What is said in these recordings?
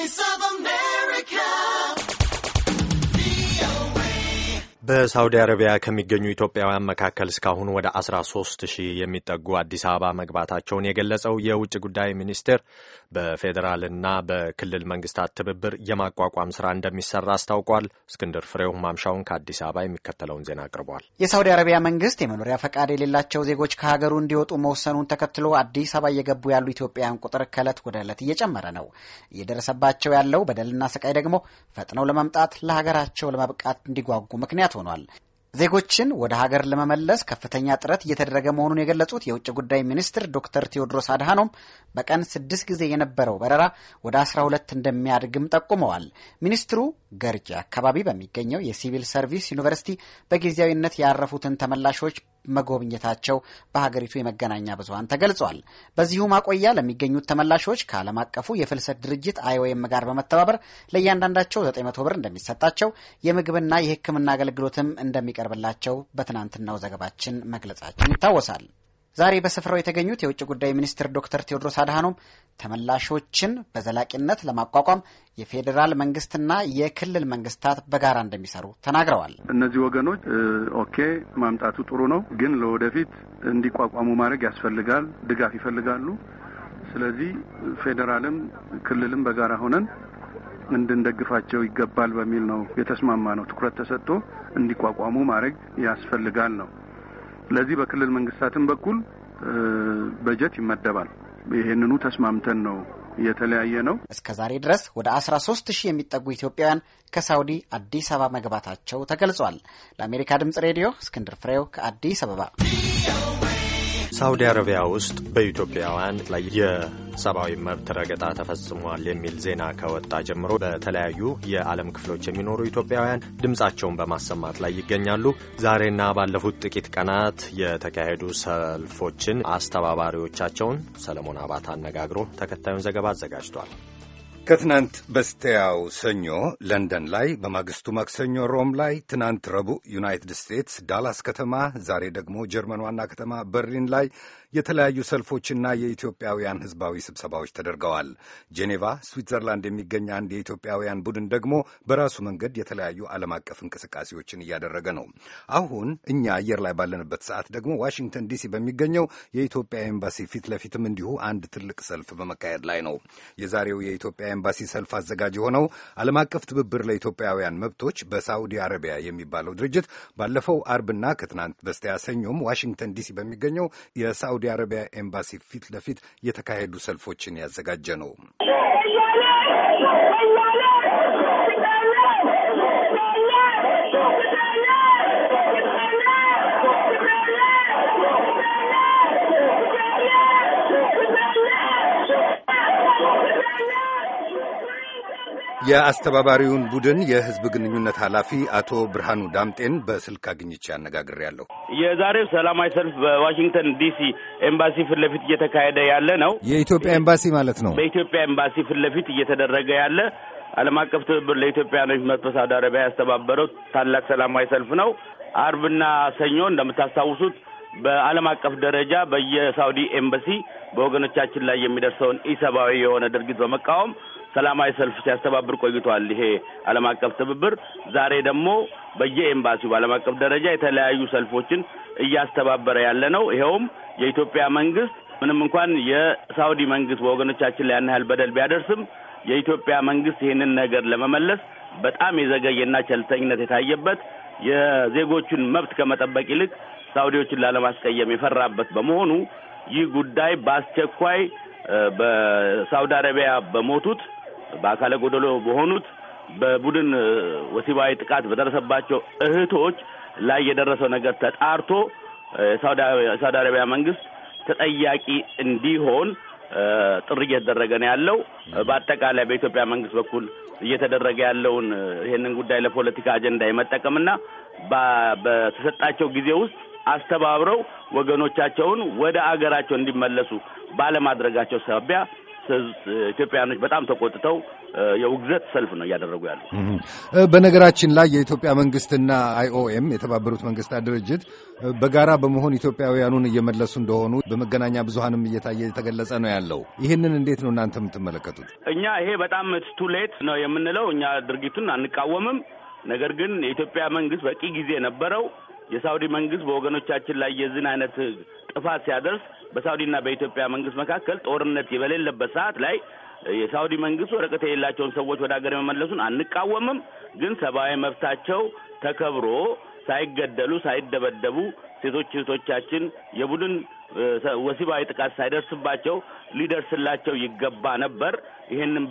Voice of በሳውዲ አረቢያ ከሚገኙ ኢትዮጵያውያን መካከል እስካሁን ወደ 13 ሺህ የሚጠጉ አዲስ አበባ መግባታቸውን የገለጸው የውጭ ጉዳይ ሚኒስቴር በፌዴራልና በክልል መንግስታት ትብብር የማቋቋም ስራ እንደሚሰራ አስታውቋል። እስክንድር ፍሬው ማምሻውን ከአዲስ አበባ የሚከተለውን ዜና አቅርቧል። የሳውዲ አረቢያ መንግስት የመኖሪያ ፈቃድ የሌላቸው ዜጎች ከሀገሩ እንዲወጡ መወሰኑን ተከትሎ አዲስ አበባ እየገቡ ያሉ ኢትዮጵያውያን ቁጥር ከእለት ወደ ዕለት እየጨመረ ነው። እየደረሰባቸው ያለው በደልና ስቃይ ደግሞ ፈጥነው ለመምጣት ለሀገራቸው ለመብቃት እንዲጓጉ ምክንያት ሆኗል። ዜጎችን ወደ ሀገር ለመመለስ ከፍተኛ ጥረት እየተደረገ መሆኑን የገለጹት የውጭ ጉዳይ ሚኒስትር ዶክተር ቴዎድሮስ አድሃኖም በቀን ስድስት ጊዜ የነበረው በረራ ወደ አስራ ሁለት እንደሚያድግም ጠቁመዋል። ሚኒስትሩ ገርጂ አካባቢ በሚገኘው የሲቪል ሰርቪስ ዩኒቨርሲቲ በጊዜያዊነት ያረፉትን ተመላሾች መጎብኘታቸው በሀገሪቱ የመገናኛ ብዙኃን ተገልጿል። በዚሁ ማቆያ ለሚገኙት ተመላሾች ከዓለም አቀፉ የፍልሰት ድርጅት አይኦኤም ጋር በመተባበር ለእያንዳንዳቸው 900 ብር እንደሚሰጣቸው የምግብና የሕክምና አገልግሎትም እንደሚቀርብላቸው በትናንትናው ዘገባችን መግለጻችን ይታወሳል። ዛሬ በስፍራው የተገኙት የውጭ ጉዳይ ሚኒስትር ዶክተር ቴዎድሮስ አድሃኖም ተመላሾችን በዘላቂነት ለማቋቋም የፌዴራል መንግስትና የክልል መንግስታት በጋራ እንደሚሰሩ ተናግረዋል። እነዚህ ወገኖች ኦኬ ማምጣቱ ጥሩ ነው፣ ግን ለወደፊት እንዲቋቋሙ ማድረግ ያስፈልጋል። ድጋፍ ይፈልጋሉ። ስለዚህ ፌዴራልም ክልልም በጋራ ሆነን እንድንደግፋቸው ይገባል በሚል ነው የተስማማ ነው። ትኩረት ተሰጥቶ እንዲቋቋሙ ማድረግ ያስፈልጋል ነው ለዚህ በክልል መንግስታትም በኩል በጀት ይመደባል። ይህንኑ ተስማምተን ነው የተለያየ ነው። እስከ ዛሬ ድረስ ወደ 13 ሺህ የሚጠጉ ኢትዮጵያውያን ከሳውዲ አዲስ አበባ መግባታቸው ተገልጿል። ለአሜሪካ ድምጽ ሬዲዮ እስክንድር ፍሬው ከአዲስ አበባ። ሳውዲ አረቢያ ውስጥ በኢትዮጵያውያን ላይ ሰብአዊ መብት ረገጣ ተፈጽሟል የሚል ዜና ከወጣ ጀምሮ በተለያዩ የዓለም ክፍሎች የሚኖሩ ኢትዮጵያውያን ድምፃቸውን በማሰማት ላይ ይገኛሉ። ዛሬና ባለፉት ጥቂት ቀናት የተካሄዱ ሰልፎችን አስተባባሪዎቻቸውን ሰለሞን አባት አነጋግሮ ተከታዩን ዘገባ አዘጋጅቷል። ከትናንት በስቲያው ሰኞ ለንደን ላይ፣ በማግስቱ ማክሰኞ ሮም ላይ፣ ትናንት ረቡዕ ዩናይትድ ስቴትስ ዳላስ ከተማ፣ ዛሬ ደግሞ ጀርመን ዋና ከተማ በርሊን ላይ የተለያዩ ሰልፎችና የኢትዮጵያውያን ህዝባዊ ስብሰባዎች ተደርገዋል። ጄኔቫ ስዊትዘርላንድ የሚገኝ አንድ የኢትዮጵያውያን ቡድን ደግሞ በራሱ መንገድ የተለያዩ ዓለም አቀፍ እንቅስቃሴዎችን እያደረገ ነው። አሁን እኛ አየር ላይ ባለንበት ሰዓት ደግሞ ዋሽንግተን ዲሲ በሚገኘው የኢትዮጵያ ኤምባሲ ፊት ለፊትም እንዲሁ አንድ ትልቅ ሰልፍ በመካሄድ ላይ ነው። የዛሬው የኢትዮጵያ ኤምባሲ ሰልፍ አዘጋጅ የሆነው ዓለም አቀፍ ትብብር ለኢትዮጵያውያን መብቶች በሳዑዲ አረቢያ የሚባለው ድርጅት ባለፈው አርብና ከትናንት በስቲያ ሰኞም ዋሽንግተን ዲሲ በሚገኘው የሳዑዲ በሳውዲ አረቢያ ኤምባሲ ፊት ለፊት የተካሄዱ ሰልፎችን ያዘጋጀ ነው። የአስተባባሪውን ቡድን የህዝብ ግንኙነት ኃላፊ አቶ ብርሃኑ ዳምጤን በስልክ አግኝቼ አነጋግሬያለሁ። የዛሬው ሰላማዊ ሰልፍ በዋሽንግተን ዲሲ ኤምባሲ ፊት ለፊት እየተካሄደ ያለ ነው። የኢትዮጵያ ኤምባሲ ማለት ነው። በኢትዮጵያ ኤምባሲ ፊት ለፊት እየተደረገ ያለ ዓለም አቀፍ ትብብር ለኢትዮጵያውያኖች መጥቶ ሳውዲ አረቢያ ያስተባበረው ታላቅ ሰላማዊ ሰልፍ ነው። አርብና ሰኞ እንደምታስታውሱት በዓለም አቀፍ ደረጃ በየሳውዲ ኤምባሲ በወገኖቻችን ላይ የሚደርሰውን ኢሰብአዊ የሆነ ድርጊት በመቃወም ሰላማዊ ሰልፍ ሲያስተባብር ቆይቷል። ይሄ ዓለም አቀፍ ትብብር ዛሬ ደግሞ በየኤምባሲው በዓለም አቀፍ ደረጃ የተለያዩ ሰልፎችን እያስተባበረ ያለ ነው። ይኸውም የኢትዮጵያ መንግስት ምንም እንኳን የሳውዲ መንግስት በወገኖቻችን ላይ ያን ያህል በደል ቢያደርስም የኢትዮጵያ መንግስት ይህንን ነገር ለመመለስ በጣም የዘገየና ቸልተኝነት የታየበት የዜጎቹን መብት ከመጠበቅ ይልቅ ሳውዲዎችን ላለማስቀየም የፈራበት በመሆኑ ይህ ጉዳይ በአስቸኳይ በሳውዲ አረቢያ በሞቱት በአካለ ጎደሎ በሆኑት በቡድን ወሲባዊ ጥቃት በደረሰባቸው እህቶች ላይ የደረሰው ነገር ተጣርቶ የሳውዲ አረቢያ መንግስት ተጠያቂ እንዲሆን ጥሪ እየተደረገ ነው ያለው። በአጠቃላይ በኢትዮጵያ መንግስት በኩል እየተደረገ ያለውን ይህንን ጉዳይ ለፖለቲካ አጀንዳ የመጠቀምና በተሰጣቸው ጊዜ ውስጥ አስተባብረው ወገኖቻቸውን ወደ አገራቸው እንዲመለሱ ባለማድረጋቸው ሳቢያ ኢትዮጵያኖች በጣም ተቆጥተው የውግዘት ሰልፍ ነው እያደረጉ ያሉ። በነገራችን ላይ የኢትዮጵያ መንግስትና አይኦኤም የተባበሩት መንግስታት ድርጅት በጋራ በመሆን ኢትዮጵያውያኑን እየመለሱ እንደሆኑ በመገናኛ ብዙሀንም እየታየ የተገለጸ ነው ያለው። ይህንን እንዴት ነው እናንተ የምትመለከቱት? እኛ ይሄ በጣም ሌት ነው የምንለው። እኛ ድርጊቱን አንቃወምም። ነገር ግን የኢትዮጵያ መንግስት በቂ ጊዜ ነበረው። የሳውዲ መንግስት በወገኖቻችን ላይ የዝን አይነት ጥፋት ሲያደርስ በሳውዲና በኢትዮጵያ መንግስት መካከል ጦርነት በሌለበት ሰዓት ላይ የሳውዲ መንግስት ወረቀት የሌላቸውን ሰዎች ወደ ሀገር የመመለሱን አንቃወምም። ግን ሰብአዊ መብታቸው ተከብሮ ሳይገደሉ ሳይደበደቡ ሴቶች እህቶቻችን የቡድን ወሲባዊ ጥቃት ሳይደርስባቸው ሊደርስላቸው ይገባ ነበር። ይህንን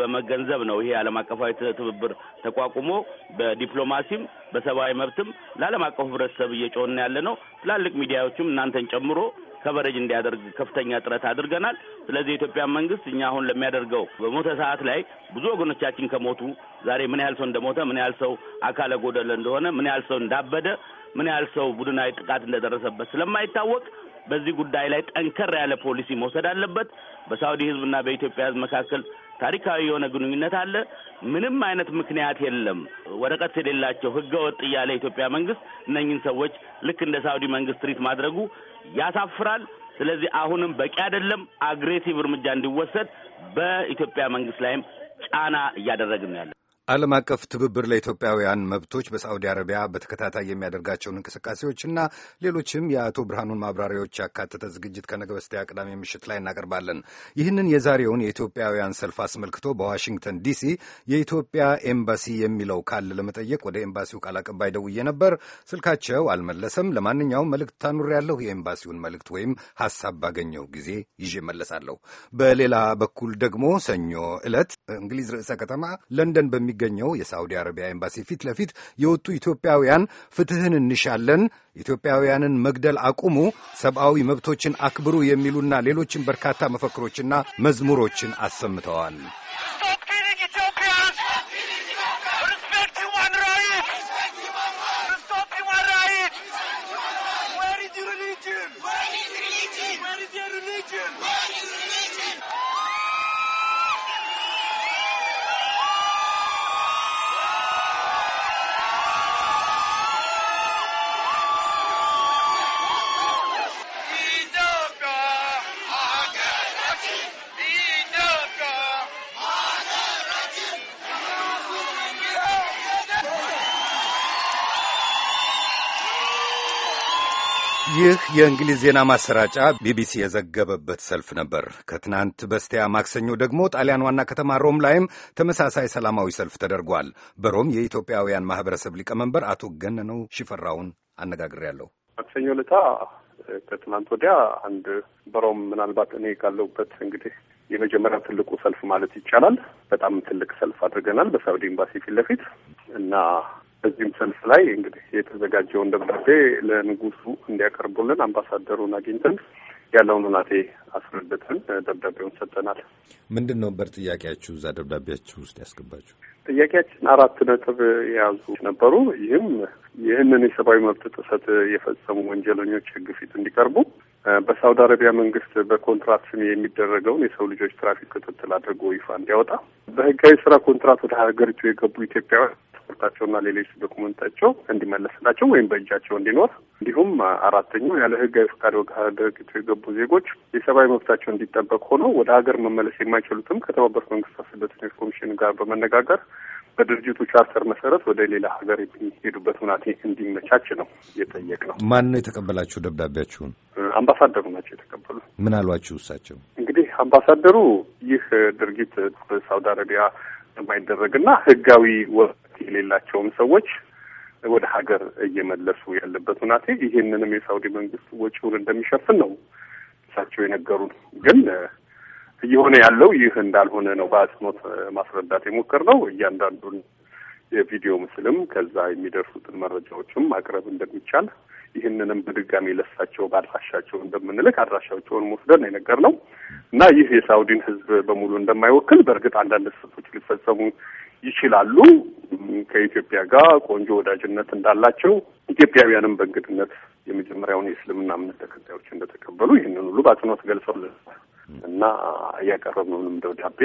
በመገንዘብ ነው ይሄ ዓለም አቀፋዊ ትብብር ተቋቁሞ በዲፕሎማሲም በሰብአዊ መብትም ለዓለም አቀፉ ህብረተሰብ እየጮህን ያለ ነው። ትላልቅ ሚዲያዎችም እናንተን ጨምሮ ከበረጅ እንዲያደርግ ከፍተኛ ጥረት አድርገናል። ስለዚህ የኢትዮጵያ መንግስት እኛ አሁን ለሚያደርገው በሞተ ሰዓት ላይ ብዙ ወገኖቻችን ከሞቱ ዛሬ ምን ያህል ሰው እንደሞተ ምን ያህል ሰው አካለ ጎደለ እንደሆነ ምን ያህል ሰው እንዳበደ ምን ያህል ሰው ቡድናዊ ጥቃት እንደደረሰበት ስለማይታወቅ በዚህ ጉዳይ ላይ ጠንከር ያለ ፖሊሲ መውሰድ አለበት። በሳውዲ ህዝብና በኢትዮጵያ ህዝብ መካከል ታሪካዊ የሆነ ግንኙነት አለ። ምንም አይነት ምክንያት የለም። ወረቀት የሌላቸው ህገ ወጥ እያለ የኢትዮጵያ መንግስት እነኝን ሰዎች ልክ እንደ ሳውዲ መንግስት ትሪት ማድረጉ ያሳፍራል። ስለዚህ አሁንም በቂ አይደለም። አግሬሲቭ እርምጃ እንዲወሰድ በኢትዮጵያ መንግስት ላይም ጫና እያደረግን ያለ ዓለም አቀፍ ትብብር ለኢትዮጵያውያን መብቶች በሳዑዲ አረቢያ በተከታታይ የሚያደርጋቸውን እንቅስቃሴዎችና ሌሎችም የአቶ ብርሃኑን ማብራሪያዎች ያካተተ ዝግጅት ከነገ በስቲያ ቅዳሜ ምሽት ላይ እናቀርባለን። ይህንን የዛሬውን የኢትዮጵያውያን ሰልፍ አስመልክቶ በዋሽንግተን ዲሲ የኢትዮጵያ ኤምባሲ የሚለው ቃል ለመጠየቅ ወደ ኤምባሲው ቃል አቀባይ ደውዬ ነበር። ስልካቸው አልመለሰም። ለማንኛውም መልእክት ያለሁ የኤምባሲውን መልእክት ወይም ሀሳብ ባገኘው ጊዜ ይዤ መለሳለሁ። በሌላ በኩል ደግሞ ሰኞ ዕለት እንግሊዝ ርዕሰ ከተማ ለንደን በሚ በሚገኘው የሳዑዲ አረቢያ ኤምባሲ ፊት ለፊት የወጡ ኢትዮጵያውያን ፍትህን እንሻለን፣ ኢትዮጵያውያንን መግደል አቁሙ፣ ሰብአዊ መብቶችን አክብሩ የሚሉና ሌሎችን በርካታ መፈክሮችና መዝሙሮችን አሰምተዋል። ይህ የእንግሊዝ ዜና ማሰራጫ ቢቢሲ የዘገበበት ሰልፍ ነበር። ከትናንት በስቲያ ማክሰኞ ደግሞ ጣሊያን ዋና ከተማ ሮም ላይም ተመሳሳይ ሰላማዊ ሰልፍ ተደርጓል። በሮም የኢትዮጵያውያን ማህበረሰብ ሊቀመንበር አቶ ገነነው ሽፈራውን አነጋግሬያለሁ። ማክሰኞ ልታ ከትናንት ወዲያ አንድ በሮም ምናልባት እኔ ካለሁበት እንግዲህ የመጀመሪያ ትልቁ ሰልፍ ማለት ይቻላል። በጣም ትልቅ ሰልፍ አድርገናል በሳውዲ ኤምባሲ ፊት ለፊት እና በዚህም ሰልፍ ላይ እንግዲህ የተዘጋጀውን ደብዳቤ ለንጉሱ እንዲያቀርቡልን አምባሳደሩን አግኝተን ያለውን ሁናቴ አስረድተን ደብዳቤውን ሰጠናል። ምንድን ነበር ጥያቄያችሁ? እዛ ደብዳቤያችሁ ውስጥ ያስገባችሁ ጥያቄያችን አራት ነጥብ የያዙ ነበሩ። ይህም ይህንን የሰብአዊ መብት ጥሰት የፈጸሙ ወንጀለኞች ሕግ ፊት እንዲቀርቡ፣ በሳውዲ አረቢያ መንግስት በኮንትራት ስም የሚደረገውን የሰው ልጆች ትራፊክ ክትትል አድርጎ ይፋ እንዲያወጣ፣ በህጋዊ ስራ ኮንትራት ወደ ሀገሪቱ የገቡ ኢትዮጵያውያን ፓስፖርታቸውና ሌሎች ዶኩመንታቸው እንዲመለስላቸው ወይም በእጃቸው እንዲኖር እንዲሁም አራተኛው ያለ ህጋዊ ፈቃድ ወደ የገቡ ዜጎች የሰብአዊ መብታቸው እንዲጠበቅ ሆኖ ወደ ሀገር መመለስ የማይችሉትም ከተባበሩት መንግስታት ስደተኞች ኮሚሽን ጋር በመነጋገር በድርጅቱ ቻርተር መሰረት ወደ ሌላ ሀገር የሚሄዱበት ሁናቴ እንዲመቻች ነው እየጠየቅ ነው። ማን ነው የተቀበላችሁ ደብዳቤያችሁን? አምባሳደሩ ናቸው የተቀበሉ። ምን አሏችሁ እሳቸው? እንግዲህ አምባሳደሩ ይህ ድርጊት በሳውዲ አረቢያ የማይደረግና ህጋዊ ወ የሌላቸውም ሰዎች ወደ ሀገር እየመለሱ ያለበት ሁናቴ ይህንንም የሳውዲ መንግስት ወጪውን እንደሚሸፍን ነው እሳቸው የነገሩን። ግን እየሆነ ያለው ይህ እንዳልሆነ ነው በአጽንኦት ማስረዳት የሞከርነው። እያንዳንዱን የቪዲዮ ምስልም ከዛ የሚደርሱትን መረጃዎችም ማቅረብ እንደሚቻል ይህንንም በድጋሚ ለሳቸው በአድራሻቸው እንደምንልክ አድራሻቸውን መውስደን የነገር ነው እና ይህ የሳውዲን ህዝብ በሙሉ እንደማይወክል በእርግጥ አንዳንድ ስህተቶች ሊፈጸሙ ይችላሉ። ከኢትዮጵያ ጋር ቆንጆ ወዳጅነት እንዳላቸው ኢትዮጵያውያንም በእንግድነት የመጀመሪያውን የእስልምና እምነት ተከታዮች እንደተቀበሉ ይህንን ሁሉ በአጽንኦት ገልጸውልን እና እያቀረብነውንም ደብዳቤ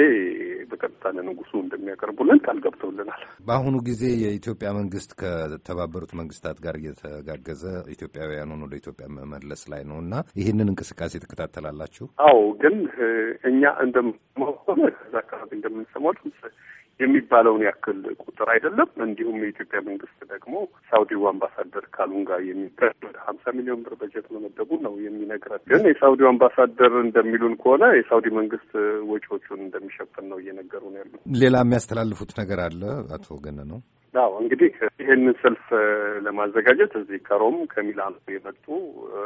በቀጥታ ለንጉሱ እንደሚያቀርቡልን ቃል ገብተውልናል። በአሁኑ ጊዜ የኢትዮጵያ መንግስት ከተባበሩት መንግስታት ጋር እየተጋገዘ ኢትዮጵያውያኑን ወደ ኢትዮጵያ መመለስ ላይ ነው እና ይህንን እንቅስቃሴ ትከታተላላችሁ? አዎ፣ ግን እኛ እንደምሆነ ከዛ አካባቢ እንደምንሰማው የሚባለውን ያክል ቁጥር አይደለም። እንዲሁም የኢትዮጵያ መንግስት ደግሞ ሳውዲው አምባሳደር ካሉንጋ የሚበድ ወደ ሀምሳ ሚሊዮን ብር በጀት መመደቡ ነው የሚነግረን። ግን የሳውዲው አምባሳደር እንደሚሉን ከሆነ የሳውዲ መንግስት ወጪዎቹን እንደሚሸፍን ነው እየነገሩ ነው ያሉ። ሌላ የሚያስተላልፉት ነገር አለ አቶ ገነ ነው አዎ እንግዲህ ይህንን ሰልፍ ለማዘጋጀት እዚህ ከሮም ከሚላን የመጡ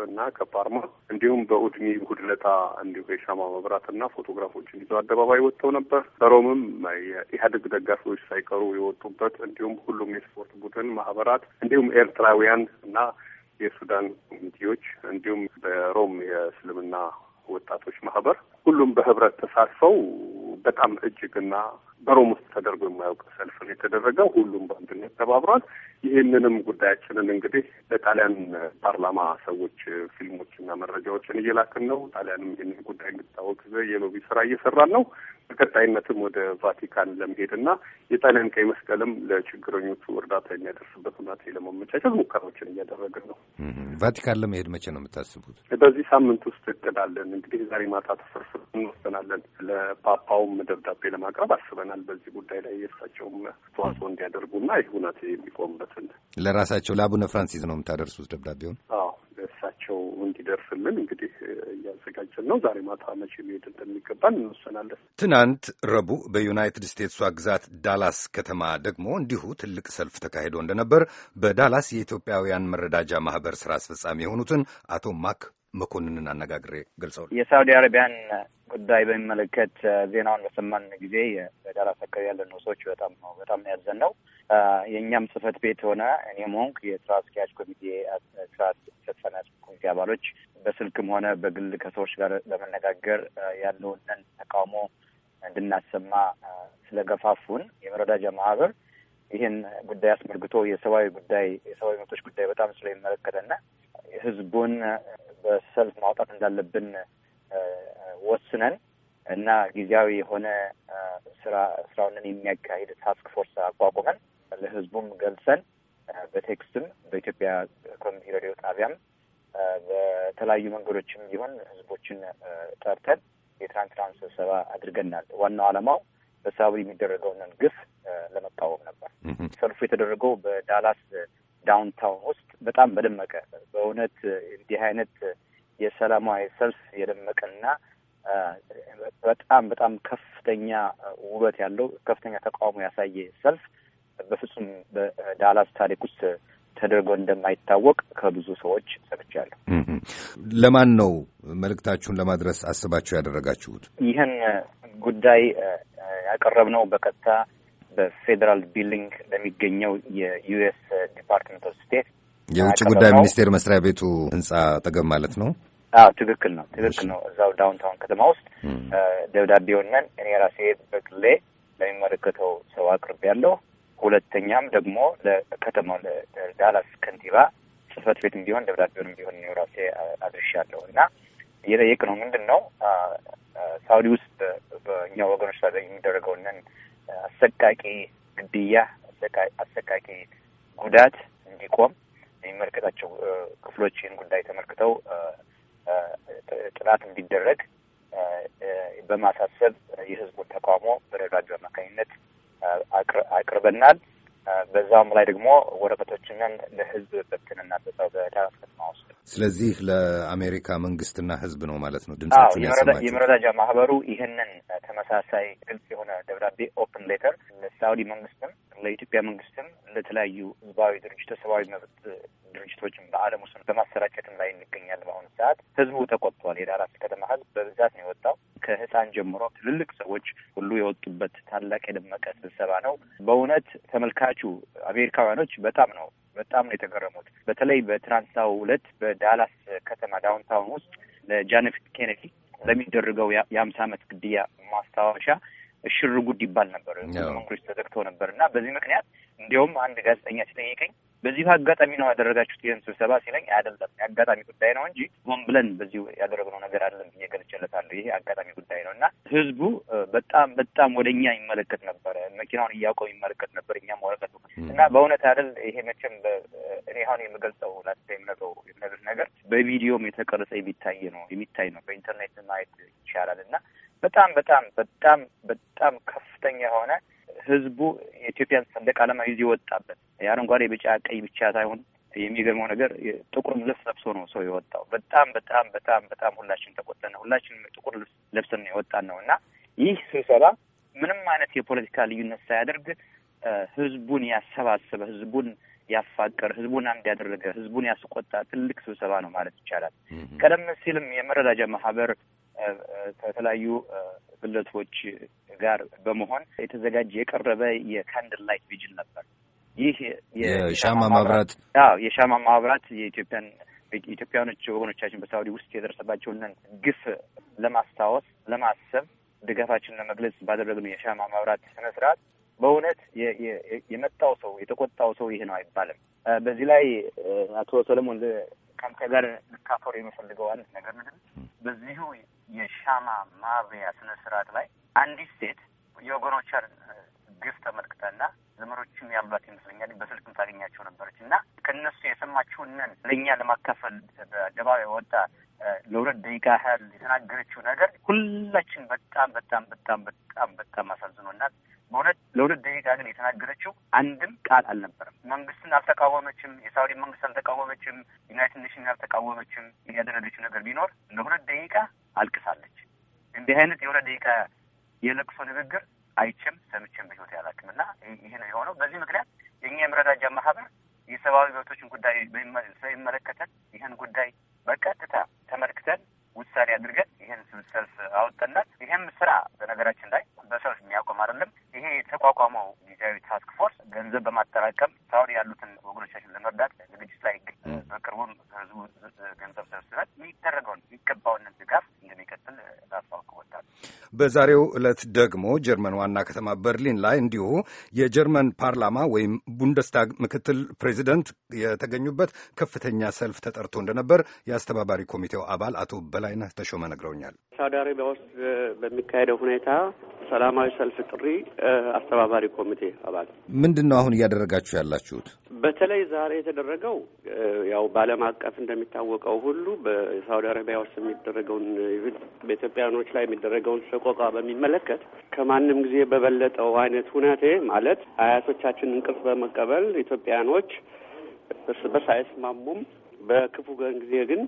እና ከፓርማ እንዲሁም በኡድኒ ጉድለታ እንዲሁ የሻማ መብራትና ፎቶግራፎችን ይዘው አደባባይ ወጥተው ነበር። በሮምም የኢህአዴግ ደጋፊዎች ሳይቀሩ የወጡበት እንዲሁም ሁሉም የስፖርት ቡድን ማህበራት እንዲሁም ኤርትራውያን እና የሱዳን ኮሚኒቲዎች እንዲሁም በሮም የእስልምና ወጣቶች ማህበር ሁሉም በህብረት ተሳትፈው በጣም እጅግና በሮም ውስጥ ተደርጎ የማያውቅ ሰልፍ ነው የተደረገው። ሁሉም በአንድነት ተባብሯል። ይህንንም ጉዳያችንን እንግዲህ ለጣሊያን ፓርላማ ሰዎች ፊልሞችና መረጃዎችን እየላክን ነው። ጣሊያንም ይህንን ጉዳይ እንድታወቅ የሎቢ ስራ እየሰራን ነው። በቀጣይነትም ወደ ቫቲካን ለመሄድና የጣሊያን ቀይ መስቀልም ለችግረኞቹ እርዳታ የሚያደርስበት ሁናቴ ለማመቻቸት ሙከራዎችን እያደረገ ነው። ቫቲካን ለመሄድ መቼ ነው የምታስቡት? በዚህ ሳምንት ውስጥ እቅዳለን። እንግዲህ ዛሬ ማታ ተሰብስበን እንወስናለን። ለፓፓውም ደብዳቤ ለማቅረብ አስበናል። በዚህ ጉዳይ ላይ የእርሳቸውም ተዋጽኦ እንዲያደርጉና ይህ ሁናቴ የሚቆምበትን ለራሳቸው ለአቡነ ፍራንሲስ ነው የምታደርሱት ደብዳቤውን? አዎ ለእሳቸው እንዲደርስልን እንግዲህ እያዘ እቅዳችን ነው። ዛሬ ማታ መቼ መሄድ እንደሚገባን እንወሰናለን። ትናንት ረቡዕ በዩናይትድ ስቴትሷ ግዛት ዳላስ ከተማ ደግሞ እንዲሁ ትልቅ ሰልፍ ተካሂዶ እንደነበር በዳላስ የኢትዮጵያውያን መረዳጃ ማህበር ስራ አስፈጻሚ የሆኑትን አቶ ማክ መኮንንን አነጋግሬ ገልጸዋል። የሳውዲ አረቢያን ጉዳይ በሚመለከት ዜናውን በሰማን ጊዜ በዳላስ አካባቢ ያለነው ሰዎች በጣም ነው በጣም ያዘን ነው። የእኛም ጽህፈት ቤት ሆነ እኔም ሆንኩ የስራ አስኪያጅ ኮሚቴ ስራ አስፈጻሚ ኮሚቴ አባሎች በስልክም ሆነ በግል ከሰዎች ጋር በመነጋገር ያለውንን ተቃውሞ እንድናሰማ ስለገፋፉን የመረዳጃ ማህበር ይህን ጉዳይ አስመልክቶ የሰብአዊ ጉዳይ የሰብአዊ መብቶች ጉዳይ በጣም ስለሚመለከተና ህዝቡን በሰልፍ ማውጣት እንዳለብን ወስነን እና ጊዜያዊ የሆነ ስራ ስራውን የሚያካሂድ ታስክ ፎርስ አቋቁመን ለህዝቡም ገልጸን በቴክስትም በኢትዮጵያ ኮሚኒቲ ሬዲዮ ጣቢያም በተለያዩ መንገዶችም ቢሆን ህዝቦችን ጠርተን የትናንትናውን ስብሰባ አድርገናል። ዋናው ዓላማው በሳውዲ የሚደረገውን ግፍ ለመቃወም ነበር። ሰልፉ የተደረገው በዳላስ ዳውንታውን ውስጥ በጣም በደመቀ በእውነት እንዲህ አይነት የሰላማዊ ሰልፍ የደመቀና በጣም በጣም ከፍተኛ ውበት ያለው ከፍተኛ ተቃውሞ ያሳየ ሰልፍ በፍጹም በዳላስ ታሪክ ውስጥ ተደርጎ እንደማይታወቅ ከብዙ ሰዎች ሰምቻለሁ። ለማን ነው መልእክታችሁን ለማድረስ አስባችሁ ያደረጋችሁት? ይህን ጉዳይ ያቀረብነው በቀጥታ በፌዴራል ቢልዲንግ ለሚገኘው የዩኤስ ዲፓርትመንት ኦፍ ስቴት የውጭ ጉዳይ ሚኒስቴር መስሪያ ቤቱ ህንጻ አጠገብ ማለት ነው አዎ ትክክል ነው፣ ትክክል ነው። እዛው ዳውንታውን ከተማ ውስጥ ደብዳቤውንን እኔ ራሴ በግሌ ለሚመለከተው ሰው አቅርብ ያለው ሁለተኛም ደግሞ ለከተማው ለዳላስ ከንቲባ ጽህፈት ቤት ቢሆን ደብዳቤውንም ቢሆን እኔ ራሴ አድርሻለሁ እና እየጠየቅ ነው ምንድን ነው ሳውዲ ውስጥ በእኛ ወገኖች ላይ የሚደረገውንን አሰቃቂ ግድያ፣ አሰቃቂ ጉዳት እንዲቆም የሚመለከታቸው ክፍሎች ይህን ጉዳይ ተመልክተው ጥናት እንዲደረግ በማሳሰብ የህዝቡን ተቃውሞ በደራጁ አማካኝነት አቅርበናል። በዛም ላይ ደግሞ ወረቀቶችንን ለህዝብ በትንና በዛው በዳራት ከተማ ውስጥ ስለዚህ ለአሜሪካ መንግስትና ህዝብ ነው ማለት ነው ድምጻችሁን ያሰማችሁት። የመረዳጃ ማህበሩ ይህንን ተመሳሳይ ግልጽ የሆነ ደብዳቤ ኦፕን ሌተር ለሳውዲ መንግስትም ለኢትዮጵያ መንግስትም ለተለያዩ ህዝባዊ ድርጅቶች ሰብአዊ መብት ድርጅቶችም በአለም ውስጥ በማሰራጨትም ላይ እንገኛለን። በአሁኑ ሰዓት ህዝቡ ተቆጥቷል። የዳላስ ከተማ ህዝብ በብዛት ነው የወጣው። ከህፃን ጀምሮ ትልልቅ ሰዎች ሁሉ የወጡበት ታላቅ የደመቀ ስብሰባ ነው። በእውነት ተመልካቹ አሜሪካውያኖች በጣም ነው በጣም ነው የተገረሙት። በተለይ በትናንትናው ዕለት በዳላስ ከተማ ዳውንታውን ውስጥ ለጃንፊት ኬኔዲ ለሚደረገው የአምሳ ዓመት ግድያ ማስታወሻ ሽር ጉድ ይባል ነበር። መንግስት ተዘግቶ ነበር እና በዚህ ምክንያት እንዲሁም አንድ ጋዜጠኛ ሲጠይቀኝ በዚሁ አጋጣሚ ነው ያደረጋችሁት ይህን ስብሰባ ሲለኝ፣ አይደለም የአጋጣሚ ጉዳይ ነው እንጂ ሆን ብለን በዚሁ ያደረግነው ነገር አይደለም ብዬ ገልጬለታለሁ። ይሄ አጋጣሚ ጉዳይ ነው እና ህዝቡ በጣም በጣም ወደ እኛ ይመለከት ነበረ። መኪናውን እያውቀው ይመለከት ነበር። እኛም ወረቀቱ እና በእውነት አይደል ይሄ መቼም እኔ አሁን የምገልጸው ላስታ የምነገው የምነግር ነገር በቪዲዮም የተቀረጸ የሚታይ ነው የሚታይ ነው። በኢንተርኔት ማየት ይቻላል እና በጣም በጣም በጣም በጣም ከፍተኛ የሆነ ህዝቡ የኢትዮጵያን ሰንደቅ ዓላማ ይዞ የወጣበት የአረንጓዴ ቢጫ ቀይ ብቻ ሳይሆን የሚገርመው ነገር ጥቁር ልብስ ለብሶ ነው ሰው የወጣው። በጣም በጣም በጣም በጣም ሁላችን ተቆጠነ። ሁላችን ጥቁር ልብስ ለብሰን ነው የወጣን ነው እና ይህ ስብሰባ ምንም አይነት የፖለቲካ ልዩነት ሳያደርግ ህዝቡን ያሰባሰበ፣ ህዝቡን ያፋቀር ህዝቡን አንድ ያደረገ፣ ህዝቡን ያስቆጣ ትልቅ ስብሰባ ነው ማለት ይቻላል። ቀደም ሲልም የመረዳጃ ማህበር ከተለያዩ ግለሰቦች ጋር በመሆን የተዘጋጀ የቀረበ የካንድል ላይት ቪጅል ነበር። ይህ የሻማ ማብራት የሻማ ማብራት የኢትዮጵያን ኢትዮጵያኖች ወገኖቻችን በሳውዲ ውስጥ የደረሰባቸውን ግፍ ለማስታወስ ለማሰብ ድጋፋችንን ለመግለጽ ባደረግነው የሻማ ማብራት ስነ ስርዓት በእውነት የመጣው ሰው የተቆጣው ሰው ይህ ነው አይባልም። በዚህ ላይ አቶ ሰለሞን ከአንተ ጋር ልካፈሩ የምፈልገው አንድ ነገር ምንድን በዚሁ የሻማ ማብሪያ ስነ ስርዓት ላይ አንዲት ሴት የወገኖቿን ግፍ ተመልክተና ዘመዶችም ያሏት ይመስለኛል በስልክም ታገኛቸው ነበረች እና ከነሱ የሰማችሁንን ለእኛ ለማካፈል በአደባባይ ወጣ ለሁለት ደቂቃ ያህል የተናገረችው ነገር ሁላችን በጣም በጣም በጣም በጣም በጣም አሳዝኖናል። በሁለት ለሁለት ደቂቃ ግን የተናገረችው አንድም ቃል አልነበረም። መንግስትን አልተቃወመችም። የሳውዲ መንግስት አልተቃወመችም። ዩናይትድ ኔሽን አልተቃወመችም። ያደረገችው ነገር ቢኖር ለሁለት ደቂቃ እንዲህ አይነት የሆነ ደቂቃ የለቅሶ ንግግር አይቼም ሰምቼም በህይወት ያላቅም እና ይህ ነው የሆነው። በዚህ ምክንያት የእኛ የመረዳጃ ማህበር የሰብአዊ መብቶችን ጉዳይ ስለሚመለከተን ይህን ጉዳይ በቀጥታ ተመልክተን ውሳኔ አድርገን ይህን ሰልፍ አወጠናል። ይህም ስራ በነገራችን ላይ በሰልፍ የሚያቆም አይደለም። ይሄ የተቋቋመው ጊዜያዊ ታስክ ፎርስ ገንዘብ በማጠራቀም በዛሬው ዕለት ደግሞ ጀርመን ዋና ከተማ በርሊን ላይ እንዲሁ የጀርመን ፓርላማ ወይም ቡንደስታግ ምክትል ፕሬዚደንት የተገኙበት ከፍተኛ ሰልፍ ተጠርቶ እንደነበር የአስተባባሪ ኮሚቴው አባል አቶ በላይነህ ተሾመ ነግረውኛል። ሳውዲ አረቢያ ውስጥ በሚካሄደው ሁኔታ ሰላማዊ ሰልፍ ጥሪ አስተባባሪ ኮሚቴ አባል ምንድን ነው አሁን እያደረጋችሁ ያላችሁት? በተለይ ዛሬ የተደረገው ያው በዓለም አቀፍ እንደሚታወቀው ሁሉ በሳውዲ አረቢያ ውስጥ የሚደረገውን በኢትዮጵያኖች ላይ የሚደረገውን ሰቆቃ በሚመለከት ከማንም ጊዜ በበለጠው አይነት ሁናቴ ማለት አያቶቻችንን ቅርጽ በመቀበል ኢትዮጵያኖች እርስ በርስ አይስማሙም፣ በክፉ ገን ጊዜ ግን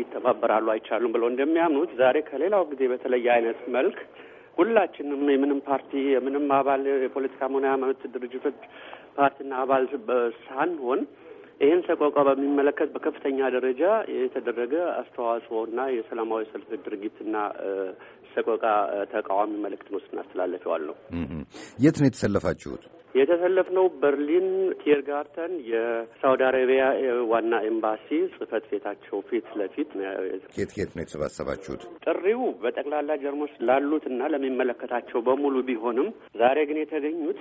ይተባበራሉ አይቻሉም ብለው እንደሚያምኑት ዛሬ ከሌላው ጊዜ በተለየ አይነት መልክ ሁላችንም የምንም ፓርቲ የምንም አባል የፖለቲካ መሆን ሃይማኖት ድርጅቶች ፓርቲና አባል ሳንሆን ይህን ሰቆቃ በሚመለከት በከፍተኛ ደረጃ የተደረገ አስተዋጽኦ አስተዋጽኦና የሰላማዊ ሰልፍ ድርጊትና ሰቆቃ ተቃዋሚ መልእክት ነው ስናስተላለፈዋል ነው። የት ነው የተሰለፋችሁት? የተሰለፍነው በርሊን ቲርጋርተን የሳውዲ አረቢያ ዋና ኤምባሲ ጽህፈት ቤታቸው ፊት ለፊት ኬት ኬት ነው የተሰባሰባችሁት? ጥሪው በጠቅላላ ጀርመን ላሉት እና ለሚመለከታቸው በሙሉ ቢሆንም ዛሬ ግን የተገኙት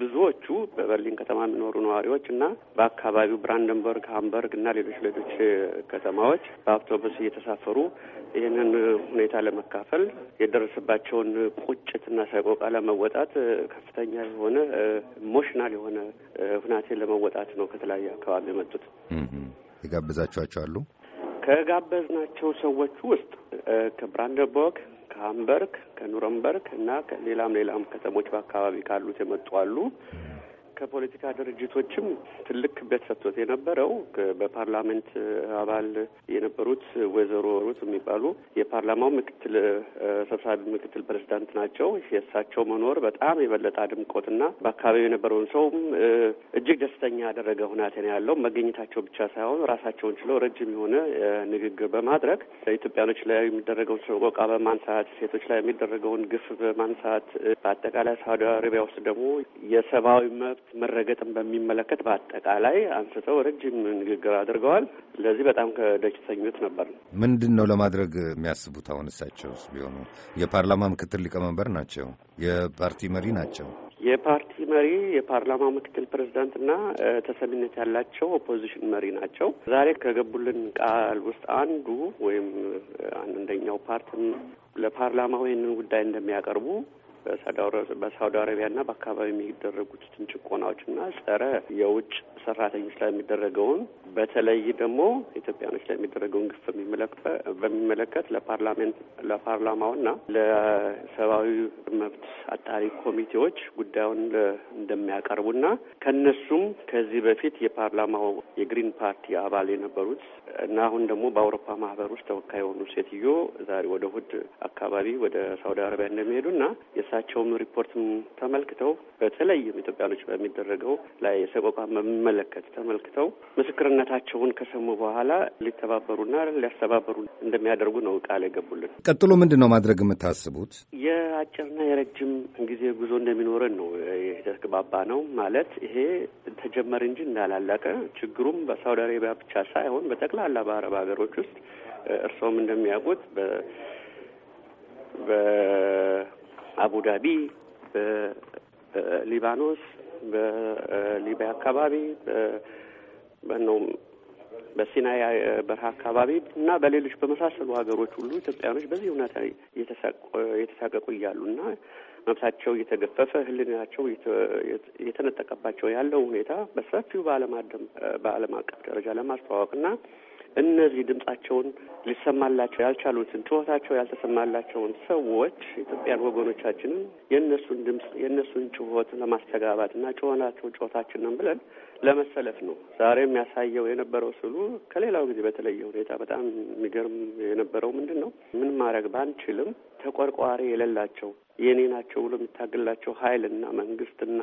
ብዙዎቹ በበርሊን ከተማ የሚኖሩ ነዋሪዎች እና በአካባቢው ብራንደንበርግ፣ ሃምበርግ እና ሌሎች ሌሎች ከተማዎች በአውቶቡስ እየተሳፈሩ ይህንን ሁኔታ ለመካፈል የደረሰባቸውን ቁጭትና ሰቆቃ ለመወጣት ከፍተኛ የሆነ ኢሞሽናል የሆነ ሁናቴን ለመወጣት ነው ከተለያየ አካባቢ የመጡት። የጋበዛችኋቸው አሉ? ከጋበዝናቸው ሰዎች ውስጥ ከብራንደንቡርግ፣ ከሀምበርግ፣ ከኑረምበርግ እና ከሌላም ሌላም ከተሞች በአካባቢ ካሉት የመጡ አሉ። ከፖለቲካ ድርጅቶችም ትልቅ ክብደት ሰጥቶት የነበረው በፓርላመንት አባል የነበሩት ወይዘሮ ሩት የሚባሉ የፓርላማው ምክትል ሰብሳቢ ምክትል ፕሬዚዳንት ናቸው። የእሳቸው መኖር በጣም የበለጠ አድምቆትና በአካባቢው የነበረውን ሰውም እጅግ ደስተኛ ያደረገ ሁናቴ ነው ያለው። መገኘታቸው ብቻ ሳይሆን ራሳቸውን ችለው ረጅም የሆነ ንግግር በማድረግ ኢትዮጵያኖች ላይ የሚደረገውን ሰቆቃ በማንሳት ሴቶች ላይ የሚደረገውን ግፍ በማንሳት በአጠቃላይ ሳውዲ አረቢያ ውስጥ ደግሞ የሰብአዊ መብት መረገጥን በሚመለከት በአጠቃላይ አንስተው ረጅም ንግግር አድርገዋል። ለዚህ በጣም ከደችተኞት ነበር። ምንድን ነው ለማድረግ የሚያስቡት? አሁን እሳቸው ቢሆኑ የፓርላማ ምክትል ሊቀመንበር ናቸው፣ የፓርቲ መሪ ናቸው። የፓርቲ መሪ፣ የፓርላማ ምክትል ፕሬዚዳንትና ተሰሚነት ያላቸው ኦፖዚሽን መሪ ናቸው። ዛሬ ከገቡልን ቃል ውስጥ አንዱ ወይም አንደኛው ፓርቲ ለፓርላማው ይህንን ጉዳይ እንደሚያቀርቡ በሳውዲ አረቢያና በአካባቢ የሚደረጉትን ጭቆናዎችና ጸረ የውጭ ሰራተኞች ላይ የሚደረገውን በተለይ ደግሞ ኢትዮጵያኖች ላይ የሚደረገውን ግፍ በሚመለከት ለፓርላሜንት ለፓርላማውና ለሰብአዊ መብት አጣሪ ኮሚቴዎች ጉዳዩን እንደሚያቀርቡና ከነሱም ከዚህ በፊት የፓርላማው የግሪን ፓርቲ አባል የነበሩት እና አሁን ደግሞ በአውሮፓ ማህበር ውስጥ ተወካይ የሆኑ ሴትዮ ዛሬ ወደ እሑድ አካባቢ ወደ ሳውዲ አረቢያ እንደሚሄዱና የእሳቸውም ሪፖርትም ተመልክተው በተለይም ኢትዮጵያኖች በሚደረገው ላይ የሰቆቃ በሚመለከት ተመልክተው ምስክርና ጦርነታቸውን ከሰሙ በኋላ ሊተባበሩና ሊያስተባበሩ እንደሚያደርጉ ነው ቃል የገቡልን። ቀጥሎ ምንድን ነው ማድረግ የምታስቡት? የአጭርና የረጅም ጊዜ ጉዞ እንደሚኖረን ነው የተግባባ ነው ማለት ይሄ ተጀመር እንጂ እንዳላለቀ ችግሩም በሳውዲ አረቢያ ብቻ ሳይሆን በጠቅላላ በአረብ ሀገሮች ውስጥ እርስዎም እንደሚያውቁት በአቡዳቢ፣ በሊባኖስ፣ በሊቢያ አካባቢ ነው በሲናይ በረሃ አካባቢ እና በሌሎች በመሳሰሉ ሀገሮች ሁሉ ኢትዮጵያኖች በዚህ እውነታ እየተሳቀቁ እያሉ እና መብታቸው እየተገፈፈ ህልናቸው እየተነጠቀባቸው ያለው ሁኔታ በሰፊው በዓለም አቀፍ ደረጃ ለማስተዋወቅ እና እነዚህ ድምጻቸውን ሊሰማላቸው ያልቻሉትን ጩኸታቸው ያልተሰማላቸውን ሰዎች ኢትዮጵያን ወገኖቻችንን የእነሱን ድምፅ የእነሱን ጩኸት ለማስተጋባት እና ጩኸናቸውን ጩኸታችንን ብለን ለመሰለፍ ነው። ዛሬ የሚያሳየው የነበረው ስሉ ከሌላው ጊዜ በተለየ ሁኔታ በጣም የሚገርም የነበረው ምንድን ነው? ምን ማድረግ ባንችልም ተቆርቋሪ የሌላቸው የእኔ ናቸው ብሎ የሚታግላቸው ሀይልና መንግስትና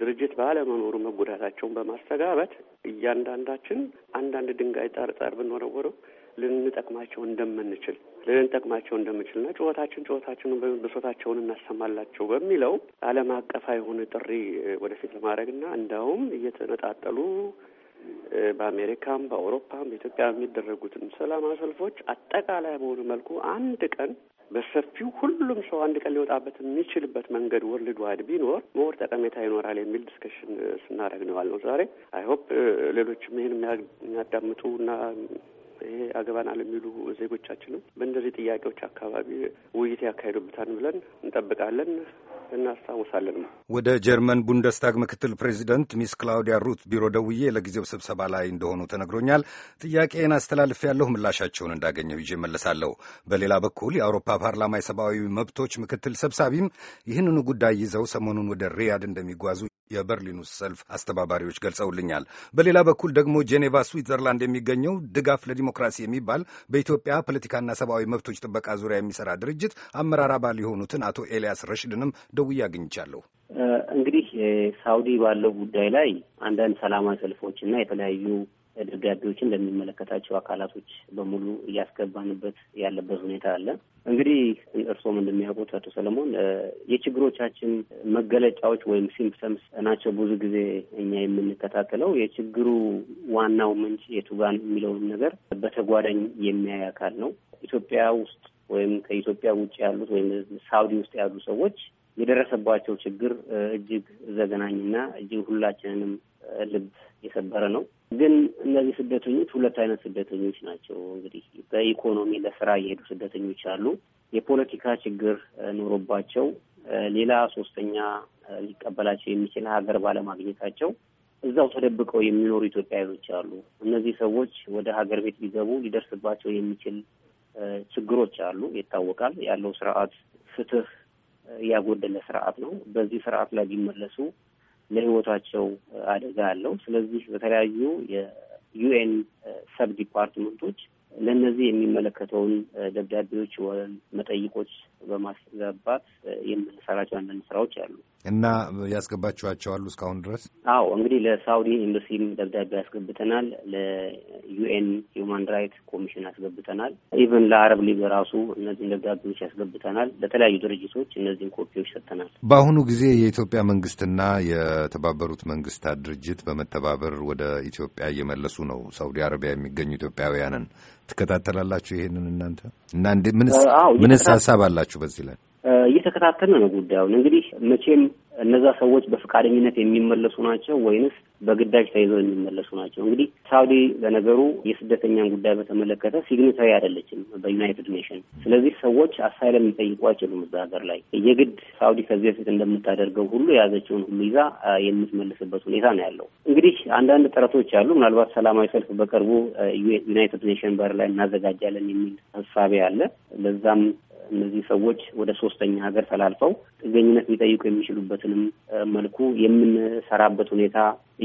ድርጅት ባለመኖሩ መጎዳታቸውን በማስተጋበት እያንዳንዳችን አንዳንድ ድንጋይ ጠርጠር ብንወረወረው ልንጠቅማቸው እንደምንችል ልንጠቅማቸው እንደምንችልና ጩኸታችን ጩኸታችን ብሶታቸውን እናሰማላቸው በሚለው ዓለም አቀፋ የሆነ ጥሪ ወደፊት ለማድረግና እንዲያውም እየተነጣጠሉ በአሜሪካም በአውሮፓም በኢትዮጵያ የሚደረጉትን ሰላማዊ ሰልፎች አጠቃላይ በሆነ መልኩ አንድ ቀን በሰፊው ሁሉም ሰው አንድ ቀን ሊወጣበት የሚችልበት መንገድ ወርልድ ዋይድ ቢኖር መወር ጠቀሜታ ይኖራል የሚል ዲስከሽን ስናደርግ ነው ያለው ዛሬ። ሆፕ ሌሎችም ይህን የሚያዳምጡ እና ይሄ አገባናል የሚሉ ዜጎቻችንም በእንደዚህ ጥያቄዎች አካባቢ ውይይት ያካሂዱበታል ብለን እንጠብቃለን። እናስታውሳለን ነው። ወደ ጀርመን ቡንደስታግ ምክትል ፕሬዚደንት ሚስ ክላውዲያ ሩት ቢሮ ደውዬ ለጊዜው ስብሰባ ላይ እንደሆኑ ተነግሮኛል። ጥያቄን አስተላልፍ ያለሁ ምላሻቸውን እንዳገኘው ይዤ መለሳለሁ። በሌላ በኩል የአውሮፓ ፓርላማ የሰብአዊ መብቶች ምክትል ሰብሳቢም ይህንኑ ጉዳይ ይዘው ሰሞኑን ወደ ሪያድ እንደሚጓዙ የበርሊኑ ሰልፍ አስተባባሪዎች ገልጸውልኛል። በሌላ በኩል ደግሞ ጄኔቫ ስዊትዘርላንድ የሚገኘው ድጋፍ ለዲሞክራሲ የሚባል በኢትዮጵያ ፖለቲካና ሰብአዊ መብቶች ጥበቃ ዙሪያ የሚሰራ ድርጅት አመራር አባል የሆኑትን አቶ ኤልያስ ረሽድንም ደውዬ አግኝቻለሁ። እንግዲህ ሳውዲ ባለው ጉዳይ ላይ አንዳንድ ሰላማዊ ሰልፎች እና የተለያዩ ደብዳቤዎችን ለሚመለከታቸው አካላቶች በሙሉ እያስገባንበት ያለበት ሁኔታ አለ። እንግዲህ እርስዎም እንደሚያውቁት አቶ ሰለሞን የችግሮቻችን መገለጫዎች ወይም ሲምፕተምስ ናቸው። ብዙ ጊዜ እኛ የምንከታተለው የችግሩ ዋናው ምንጭ የቱጋን የሚለውን ነገር በተጓዳኝ የሚያይ አካል ነው። ኢትዮጵያ ውስጥ ወይም ከኢትዮጵያ ውጭ ያሉት ወይም ሳውዲ ውስጥ ያሉ ሰዎች የደረሰባቸው ችግር እጅግ ዘገናኝና እጅግ ሁላችንንም ልብ የሰበረ ነው። ግን እነዚህ ስደተኞች ሁለት አይነት ስደተኞች ናቸው። እንግዲህ በኢኮኖሚ ለስራ የሄዱ ስደተኞች አሉ። የፖለቲካ ችግር ኖሮባቸው ሌላ ሶስተኛ ሊቀበላቸው የሚችል ሀገር ባለማግኘታቸው እዛው ተደብቀው የሚኖሩ ኢትዮጵያውያኖች አሉ። እነዚህ ሰዎች ወደ ሀገር ቤት ሊገቡ ሊደርስባቸው የሚችል ችግሮች አሉ። ይታወቃል። ያለው ስርዓት ፍትህ ያጎደለ ስርዓት ነው። በዚህ ስርዓት ላይ ቢመለሱ ለህይወታቸው አደጋ አለው። ስለዚህ በተለያዩ የዩኤን ሰብ ዲፓርትመንቶች ለእነዚህ የሚመለከተውን ደብዳቤዎች፣ መጠይቆች በማስገባት የምንሰራቸው አንዳንድ ስራዎች አሉ እና ያስገባችኋቸዋሉ እስካሁን ድረስ? አዎ እንግዲህ ለሳውዲ ኤምባሲም ደብዳቤ ያስገብተናል። ለዩኤን ሂውማን ራይት ኮሚሽን ያስገብተናል። ኢቨን ለአረብ ሊግ ራሱ እነዚህን ደብዳቤዎች ያስገብተናል። ለተለያዩ ድርጅቶች እነዚህን ኮፒዎች ሰጥተናል። በአሁኑ ጊዜ የኢትዮጵያ መንግስትና የተባበሩት መንግስታት ድርጅት በመተባበር ወደ ኢትዮጵያ እየመለሱ ነው ሳውዲ አረቢያ የሚገኙ ኢትዮጵያውያንን። ትከታተላላችሁ ይሄንን እናንተ እና ምንስ ሀሳብ አላችሁ? ያላችሁ በዚህ ላይ? እየተከታተልን ነው ጉዳዩን። እንግዲህ መቼም እነዛ ሰዎች በፈቃደኝነት የሚመለሱ ናቸው ወይንስ በግዳጅ ተይዘው የሚመለሱ ናቸው? እንግዲህ ሳውዲ ለነገሩ የስደተኛን ጉዳይ በተመለከተ ሲግኒታዊ አይደለችም በዩናይትድ ኔሽን። ስለዚህ ሰዎች አሳይለም የሚጠይቁ አይችሉም እዛ ሀገር ላይ የግድ ሳውዲ ከዚህ በፊት እንደምታደርገው ሁሉ የያዘችውን ሁሉ ይዛ የምትመልስበት ሁኔታ ነው ያለው። እንግዲህ አንዳንድ ጥረቶች አሉ። ምናልባት ሰላማዊ ሰልፍ በቅርቡ ዩናይትድ ኔሽን በር ላይ እናዘጋጃለን የሚል ሀሳቤ አለ። ለዛም እነዚህ ሰዎች ወደ ሶስተኛ ሀገር ተላልፈው ጥገኝነት ሊጠይቁ የሚችሉበትንም መልኩ የምንሰራበት ሁኔታ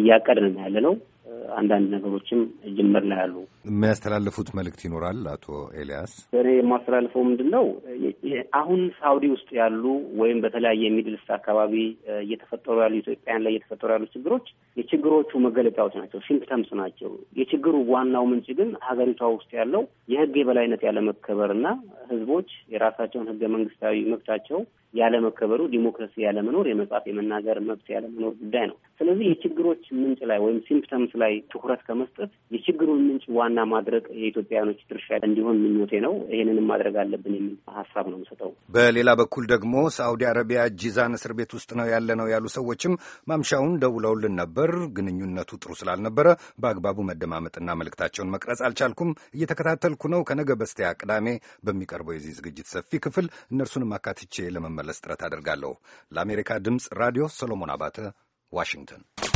እያቀድን ያለ ነው። አንዳንድ ነገሮችም ጅምር ላይ አሉ። የሚያስተላልፉት መልእክት ይኖራል? አቶ ኤልያስ፣ እኔ የማስተላልፈው ምንድን ነው አሁን ሳውዲ ውስጥ ያሉ ወይም በተለያየ የሚድልስ አካባቢ እየተፈጠሩ ያሉ ኢትዮጵያን ላይ እየተፈጠሩ ያሉ ችግሮች የችግሮቹ መገለጫዎች ናቸው፣ ሲምፕተምስ ናቸው። የችግሩ ዋናው ምንጭ ግን ሀገሪቷ ውስጥ ያለው የህግ የበላይነት ያለመከበር እና ህዝቦች የራሳቸውን ህገ መንግስታዊ መብታቸው ያለመከበሩ ዲሞክራሲ ያለመኖር፣ የመጻፍ የመናገር መብት ያለመኖር ጉዳይ ነው። ስለዚህ የችግሮች ምንጭ ላይ ወይም ሲምፕተምስ ላይ ትኩረት ከመስጠት የችግሩን ምንጭ ዋና ማድረግ የኢትዮጵያውያኖች ድርሻ እንዲሆን ምኞቴ ነው። ይህንንም ማድረግ አለብን የሚል ሀሳብ ነው የምሰጠው። በሌላ በኩል ደግሞ ሳዑዲ አረቢያ ጂዛን እስር ቤት ውስጥ ነው ያለ ነው ያሉ ሰዎችም ማምሻውን ደውለውልን ነበር። ግንኙነቱ ጥሩ ስላልነበረ በአግባቡ መደማመጥና መልእክታቸውን መቅረጽ አልቻልኩም። እየተከታተልኩ ነው። ከነገ በስቲያ ቅዳሜ በሚቀርበው የዚህ ዝግጅት ሰፊ ክፍል እነርሱንም አካትቼ ለመመ ለመመለስ ጥረት አደርጋለሁ። ለአሜሪካ ድምፅ ራዲዮ ሰሎሞን አባተ ዋሽንግተን